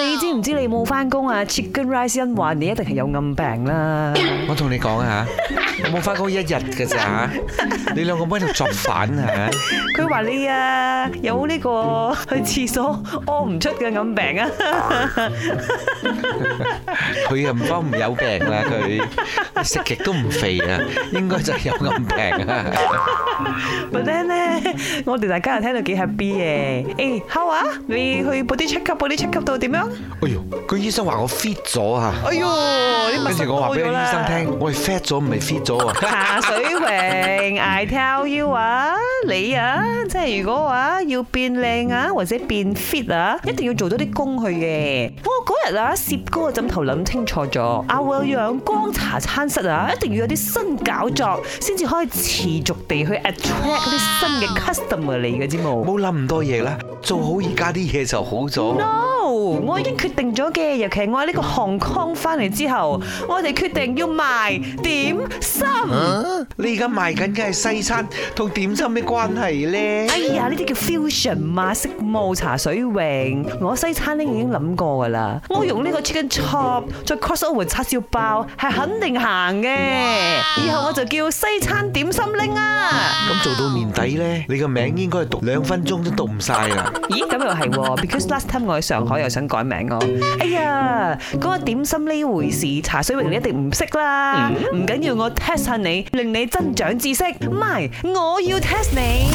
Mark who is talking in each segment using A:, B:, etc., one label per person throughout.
A: 你知唔知你冇翻工啊？Chicken Rice 話你一定係有暗病啦 ！
B: 我同你講啊，我冇翻工一日嘅咋，你兩個喺度作反嚇！
A: 佢、啊、話 你啊有呢、呢個去廁所屙唔出嘅暗病啊！
B: 佢又唔幫唔有病啊！佢食極都唔肥啊，應該就係有暗
A: 病啊！ 我哋大家人聽到幾 happy 嘅，哎、hey, How 啊！你去播啲 checkup，播啲 checkup 到點樣？哎
B: 呦，個醫生話我 fit 咗吓，跟住我話俾個醫生聽，我係 fat 咗唔係 fit 咗啊！茶
A: 水榮，I tell you 啊，你啊，即係如果話要變靚啊，或者變 fit 啊，一定要做多啲功去嘅。我嗰日啊，攝高個枕頭諗清楚咗，阿陽光茶餐室啊，一定要有啲新搞作，先至可以持
B: 續地去 attract 啲新嘅 customer 嚟嘅之嘛。冇諗咁多嘢啦，做好而家啲嘢就好咗。
A: 我已經決定咗嘅，尤其我喺呢個香港翻嚟之後，我哋決定要賣點心。啊、你而家賣緊嘅係西餐同點心咩關係咧？哎呀，呢啲叫 fusion 嘛，色慕茶水泳。我西餐廳已經諗過噶啦，我用呢個 Chicken Chop 再 cross over 叉燒包係肯定行嘅。以後我就叫西餐點心拎啊！
B: 咁做到年底咧，你個名應該係讀兩分鐘都讀唔晒啊？
A: 咦，咁又係喎，because last time 我喺上海又。想改名哦、啊！哎呀，嗰、那個點心呢回事，茶水榮你一定唔識啦，唔緊要，我 test 下你，令你增長知識。
B: 唔係，我要 test 你。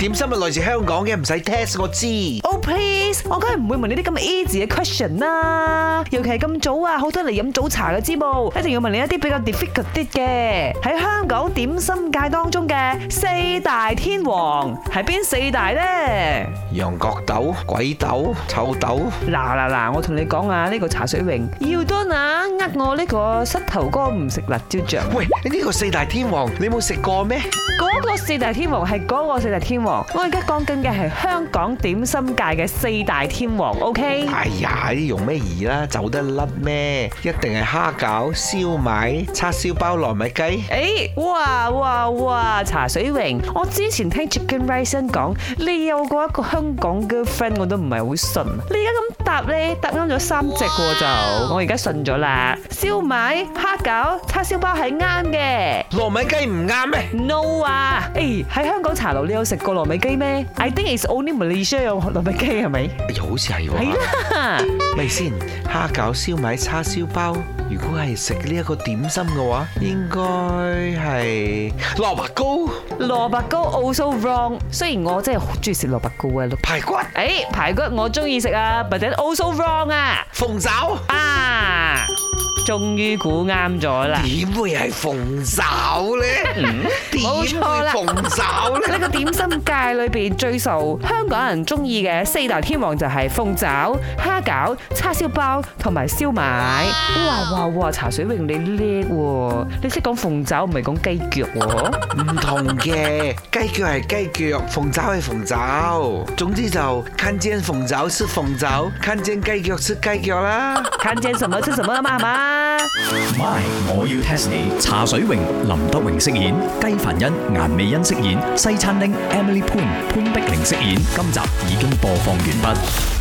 B: 點心咪來自香港嘅，唔使 test 我知。Oh please，我梗係唔會問你啲咁 easy 嘅
A: question 啦，尤其係咁早啊，好多人嚟飲早茶嘅知冇？一定要問你一啲比較 difficult 啲嘅。喺香港點心界當中嘅四大天王係邊四大咧？
B: 羊角豆、鬼豆、臭豆。嗱嗱
A: 嗱，我同你講啊，呢個茶水榮要多啲啊，呃，我呢個膝頭哥唔食辣
B: 椒醬。喂，你呢個四大天王你冇食過咩？
A: 嗰個四大天王係嗰個四大天王。我而家講緊嘅係香港點心界嘅四大天王，OK？
B: 哎呀，你用咩儀啦？走得甩咩？一定係蝦餃、燒賣、叉燒包、糯米雞。誒、哎，哇哇哇！茶水榮，我之前聽 Chicken
A: Rising 講，你有過一個香港 girlfriend，我都唔係好信。你而家咁答咧，答啱咗三隻嘅就，哇我而家信咗啦。燒賣、蝦餃、叉燒包係啱嘅，糯米雞唔啱咩？No 啊！誒、哎，喺香港茶樓你有食過
B: 糯米雞咩？I think it's only Malaysia 有糯米雞係咪？又、哎、好似係喎。係啦。咩先？蝦餃、燒賣、叉燒包。如果係食呢一個點心嘅話，應該係蘿蔔糕。蘿蔔糕 also wrong。
A: 雖然我真係好中意食蘿蔔糕啊，碌排骨。誒，排骨我中意食啊，but also wrong 啊。鳳爪啊，終於估啱咗啦！點會係鳳爪咧？冇錯啦，鳳爪咧。呢個點心界裏邊最受香港人中意嘅四大天王就係鳳爪、蝦餃、叉燒包同埋燒賣。啊！茶水榮你叻喎，你識講鳳爪唔係講雞
B: 腳喎，唔同嘅，雞腳係雞腳，鳳爪係鳳爪，總之就看見鳳爪食鳳爪，看見雞腳食雞腳啦，看見什麼食什麼，吖嘛？係咪，MY，我要 test 你。
A: 茶水榮，林德榮飾演，雞凡欣、顏美欣飾演，
B: 西餐廳 Emily Poon 潘碧
A: 玲飾演。今集已經播放完畢。